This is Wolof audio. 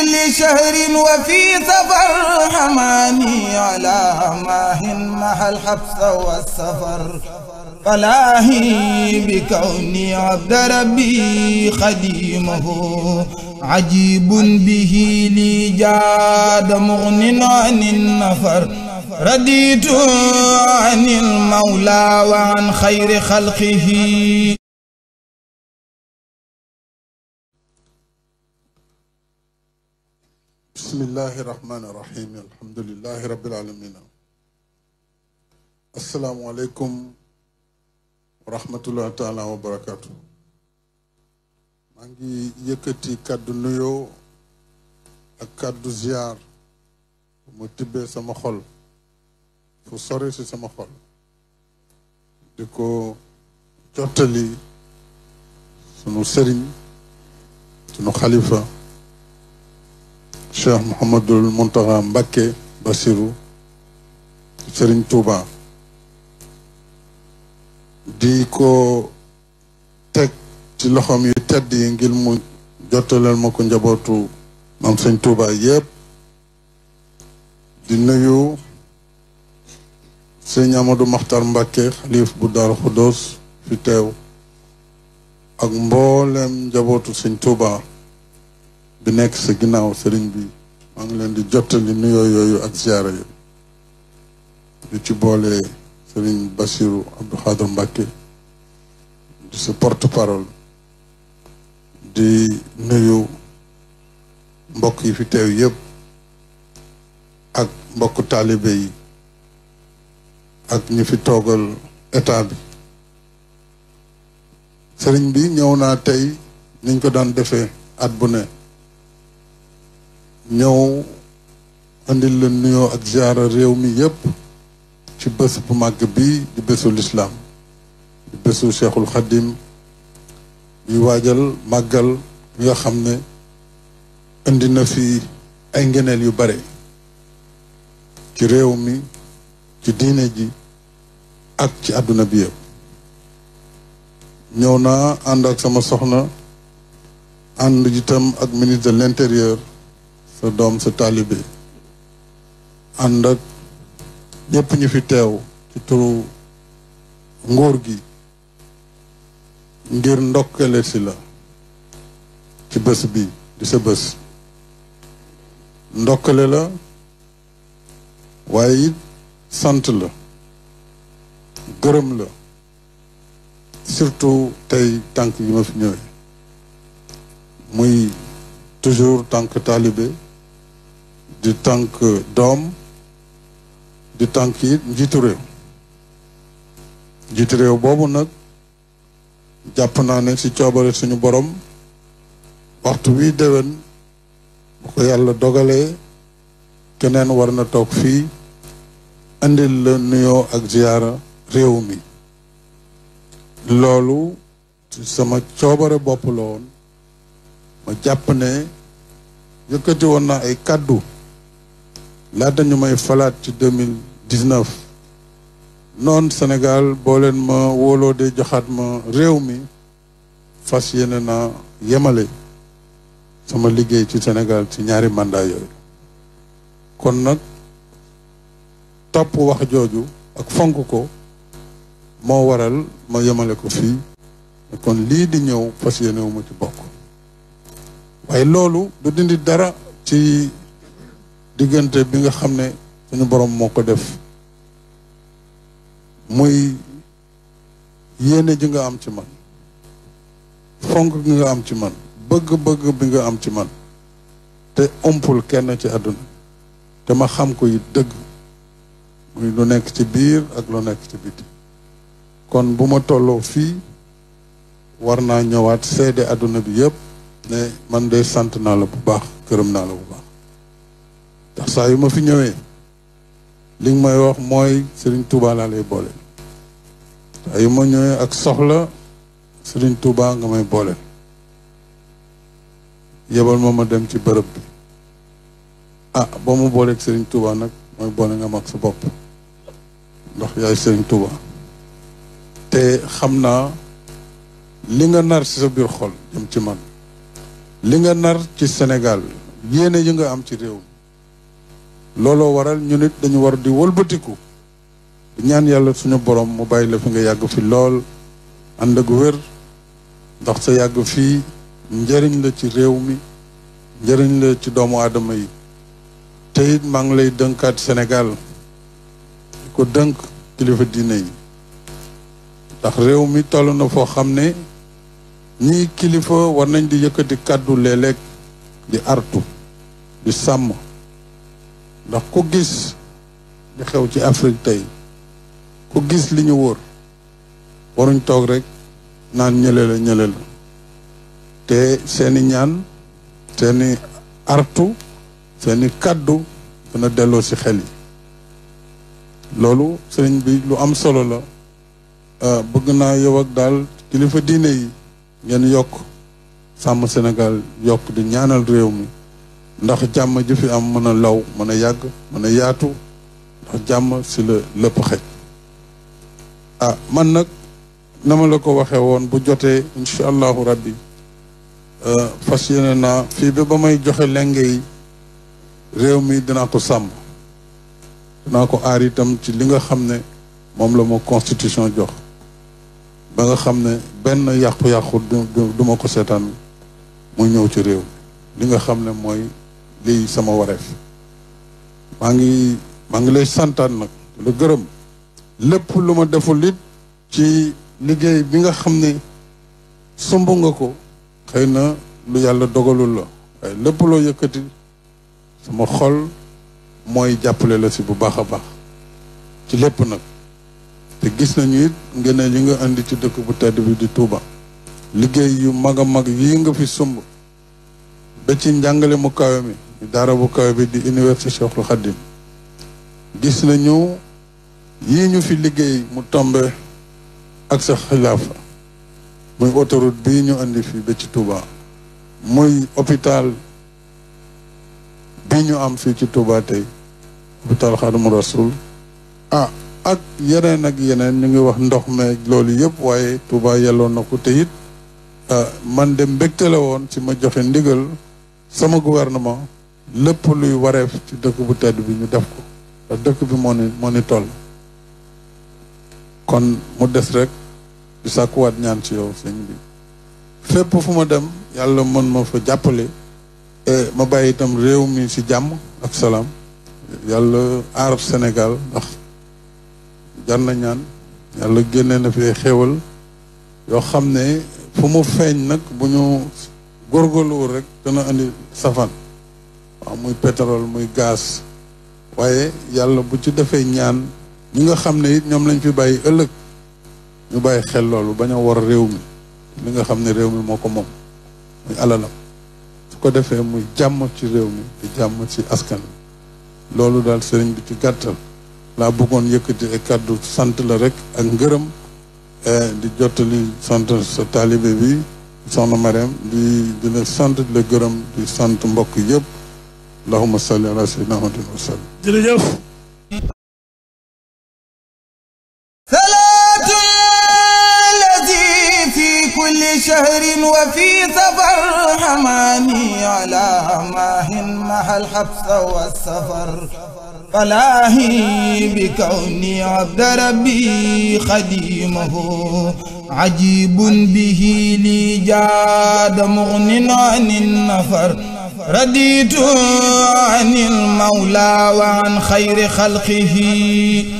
كل شهر وفي سفر حماني على ماهن مع الحبس والسفر فلاهي بكوني عبد ربي خديمه عجيب به لي جاد مغن عن النفر رديت عن المولى وعن خير خلقه bismillahi rahmaani rahim alhamdulilahi rabbil alamin asalaamualeykum wa rahmatullahi taala wa barakaatu maa ngi yëkkati kàddu nuyoo ak kàddu ziar bu mu tibbee xol fu sore si sama xol di ko jottali sunu sëriñ sunu xalifa cheikh Mouhamadul Mountakha Mbacké Bassirou Serigne Touba di ko teg ci loxoom yu tedd yi ngir mu jottaleel ma ko njabootu maam sëñ Touba yépp di nuyu sëñ Amadou Makhtar Mbacké xalif bu Daaru Xuddoos fi teew ak mboolem njabootu sëñ Touba bi nekk sa ginnaaw sëriñ bi maa ngi leen di jottali nuyoo yooyu ak ziyaara yi ci boole sëriñ Bassirou Abdou Khadre Mbacké di sa porte parole di nuyu mbokk yi fi teew yëpp ak mbokku taalibe yi ak ñi fi toogal état bi sëriñ bi ñëw naa tey niñ ko daan defee at bu ne ñëw andil la nuyoo ak ziara réew mi yépp ci bés bu màgg bi di bésu lislaam di bésu cheikhul xadim ñuy waajal màggal bi nga xam ne indi na fi ay ngeneel yu bare ci réew mi ci diine ji ak ci àdduna bi yëpp ñëw naa ànd ak sama soxna ànd itam ak ministre de l'intérieur sa doom sa taalibe ànd ak ñëpp ñu fi teew ci turu nguur gi ngir ndokkale si la ci bés bi di sa bés ndokkale la waaye it sant la gërëm la surtout tey tànk yi ma fi ñëwee muy toujours tànk taalibe di tànk doom di tànk it njiitu réew njiitu réew boobu nag jàpp naa ne ci coobare suñu boroom waxtu wi déwén bu ko yàlla dogalee keneen war na toog fii indil la nuyoo ak ziyaara réew mi loolu ci sama coobare bopp la woon ma jàpp ne yëkkati woon naa ay kàddu laata ñu may falaat ci deux mille dix neuf noonu Sénégal boo leen ma wóoloo de joxaat ma réew mi fas yéene naa yemale sama liggéey ci senegal ci ñaari mandat yooyu kon nag topp wax jooju ak fonk ko moo waral ma yemale ko fii kon lii di ñëw fas yéene wu ci bokk waaye loolu du dindi dara ci diggante bi nga xam ne suñu borom moo ko def muy yéene ji nga am ci man fonk gi nga am ci man bëgg-bëgg bi nga am ci man te ëmpul kenn ci àdduna te ma xam ko yi dëgg lu nekk ci biir ak lu nekk ci biti kon bu ma tolloo fii war naa ñëwaat seede àdduna bi yëpp ne man de sant naa la bu baax këram naa la bu baax saa yu ma fi ñëwee li may wax mooy sëriñ Touba laa lay boole saa yu ma ñëwee ak soxla sëriñ tuubaa nga may boole yebal moo ma dem ci bërëb bi ah ba mu booleeg sëriñ tuubaa nag mooy boole nga mag sa bopp ndox yaay sëriñ Touba te xam naa li nga nar ci sa biir xol jëm ci man li nga nar ci senegal yéene yu nga am ci réew mi looloo waral ñu nit dañu war di wëlbatiku di ñaan yàlla suñu borom mu bàyyi la fi nga yàgg fi lool ànd ak wér ndax sa yàgg fii njëriñ la ci réew mi njëriñ la ci doomu aadama yi te it maa ngi lay dënkaat senegal di ko dënk kilifa diine yi ndax réew mi toll na foo xam ne ñi kilifa war nañ di yëkkati kàddu léeg-léeg di artu di sàmm ndax ku gis di xew ci Afrique tey ku gis li ñu wóor waruñ toog rek naan ñële la ñële la te seeni ñaan seeni artu seeni kàddu dana delloo ci xel yi loolu sëriñ bi lu am solo la euh, bëgg naa yow ak daal kilifa diine yi ngeen yokk sàmm senegal yokk di ñaanal réew mi ndax jàmm ji fi am mën a law mën a yàgg mën a yaatu ndax jàmm si la lépp xej ah man nag na ma la ko waxee woon bu jotee incha allahu rabbi euh, fas yéene naa fii bi ba may joxe lenge réew mi dinaa ko sàmm dinaa ko aar itam ci li nga xam ne moom la ma constitution jox ba nga xam ne benn yàqu-yàqu du duma ko seetaan mu ñëw ci réew li nga xam ne mooy lii sama wareef maa ngi maa ngi lay santaan nag lu gërëm lépp lu ma deful it ci liggéey bi nga xam ni sumb nga ko xëy na lu yàlla dogalul la waaye lépp loo yëkkati sama xol mooy jàppale la si bu baax a baax ci lépp nag te gis nañu it ngeen yi nga indi ci dëkk bu tedd bi di tuuba liggéey yu mag mag yi nga fi sumb ba ci njàngale mu kawe mi dara bu kawe bi di université Cheikhul Khadim gis nañu yii ñu fi liggéey mu tombe ak sa xilaafa muy autoroute bii ñu indi fi ba ci Touba muy hôpital bi ñu am fii ci Touba tey hôpital Khadimou Rassoul ah ak yeneen ak yeneen ñu ngi wax ndox me loolu yëpp waaye Touba yelloon na ko te it ah, man dem mbégte woon ci ma joxe ndigal sama gouvernement lëpp luy wareef ci dëkk bu tedd bi ñu def ko dëkk bi moo ni moo ni toll kon mu des rek di sàkkuwaat ñaan si yow sëñ bi fépp fu ma dem yàlla mën ma fa jàppale ma bàyyi itam réew mi ci jàmm ak salaam yàlla aar senegal ndax jar na ñaan yàlla génne na fi xéewal yoo xam ne fu mu feeñ nag bu ñu góorgóorluwul rek dana indi safan muy pétrole muy gaz waaye yàlla bu ci defee ñaan ñi nga xam ne it ñoom lañ fi bàyyi ëllëg ñu bàyyi xel loolu bañ a war réew mi li nga xam ne réew mi moo ko moom muy alalam su ko defee muy jàmm ci réew mi di jàmm ci askan loolu daal sëriñ bi ci gàttal laa bëggoon yëkkati ay kàddu sant la rek ak ngërëm eh, di jottali sant sa taalibe bi soxna Marème di di la sant di la gërëm di sant mbokk yëpp allahuma salli ala sayyidina muhammadin wa sallam jërëjëf salaatun alladi fi kulli shahrin wa fi safar hamani ala mahin mahal habsa wa safar فلاهي بكوني عبد ربي خديمه عجيب به لي جاد مغن عن النفر raditu anil mawla wa an xayri xalqihi